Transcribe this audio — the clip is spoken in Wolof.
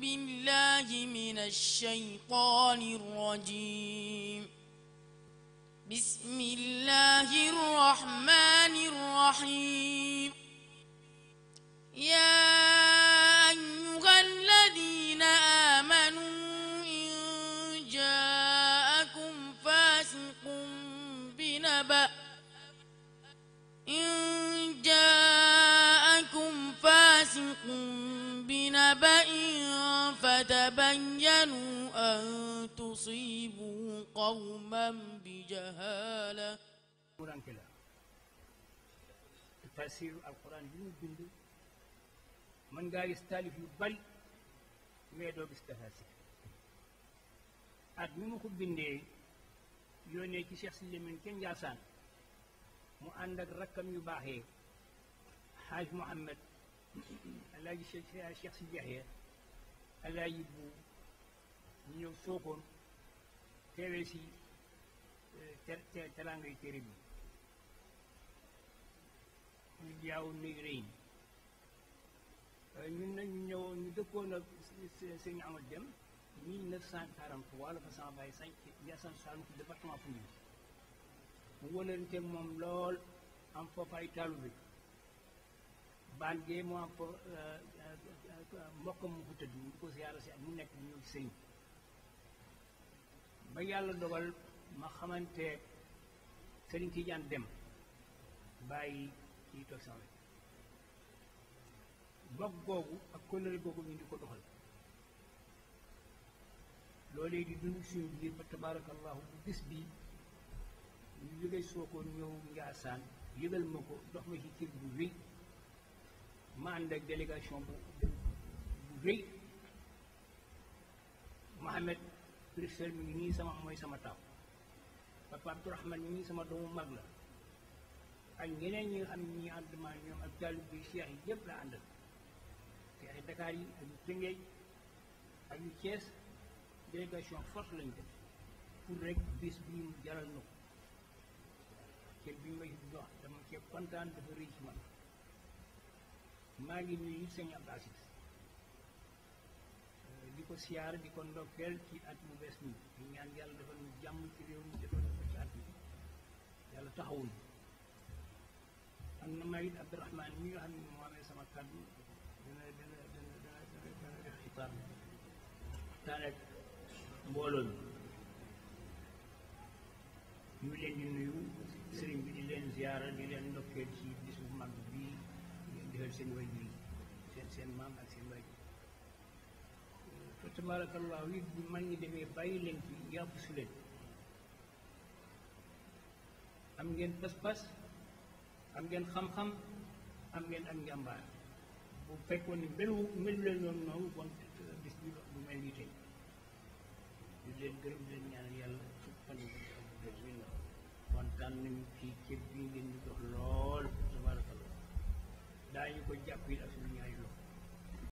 بالله من الشيطان الرجيم بسم الله الرحمن الرحيم يا أيها الذين آمنوا إن جاءكم فاسق بنبأ إن جاءكم فاسق بنبأ تسعوا أن تصيبوا قوما بجهالة القرآن كلا تفسير القرآن جنوب بندو من قال يستالف يبل ويدو بستفاسر أدمي مكب بندي yónnee ci Cheikh Sile min kenn Njaasaan mu ànd ak rakkam yu baaxee xaaj Mouhamed alaaji Cheikh Cheikh si Jaxee alaaji bu ñu ñëw sookoon teewee si eh, te teraanga yi téere bi ñu jaaw nuy rëy eh, ñun nag ñu ñëw ñu dëkkoon ak sëñ Amadou Dem 1943 la fa sama bàyyi sañ Ndiassane Saloum ci département Foundiougne mu wëlante moom lool am foofa ay taalu bi baan gee mu am fa eh, mbokkam mu ko tëdd mu ko ziyaara si ak mu nekk ñu ñëw sëñ ba yàlla dogal ma xamante Serigne Tidiane Deme bàyyi kii toog sama wet bokk googu ak kóllëre googu ñu di ko doxal loolee di dund suñu biir ba tabaarakallahu bu bis bi ñu jóge soo ko ñëw Njaasaan yëgal ma ko dox ma ci cër bu rëy ma ànd ak délégation bu bu rëy Lifsel mi ngi nii sama mooy sama taw Papa Abdourahmane mi ngi sama doomu mag la ak ñeneen ñi nga ñi ànd maa ñoom ak jàllu bi seex yi yëpp la àndal seex yi Dakar yi ak yu Tëngéej ak yu Thiès délégation force lañu def pour rek bis bi mu jaral na ko cër bi ma jox dama cee kontaan dafa rëy ci man maa ngi nuyu sëñ Abdou Aziz ko siyaare di ko ndokkeel ci at mu bes ni di ñaan yàlla defal ñu jàmm ci réew mi defal ñu ko ci at mi yàlla taxawul am na mayit Abdourahmane mi nga xam ne moo amee sama kàddu dana dana dana dana dana def xitaar waxtaan ak mbooloo mi ñu leen di nuyu sëriñ bi di leen ziyaara di leen ndokkeel ci bis bu mag bii ngeen defal seen way seen seen maam ak seen way fa tabarakallahu it bu mag ñi demee bàyyi fi su am ngeen pas-pas am ngeen xam-xam am ngeen ak njàmbaar bu fekkoon ni melu melu leen noonu bon bis bi du mel nii tey di leen gërëm leen ñaan yàlla bi na ci bi ngeen lool ko yi ak suñu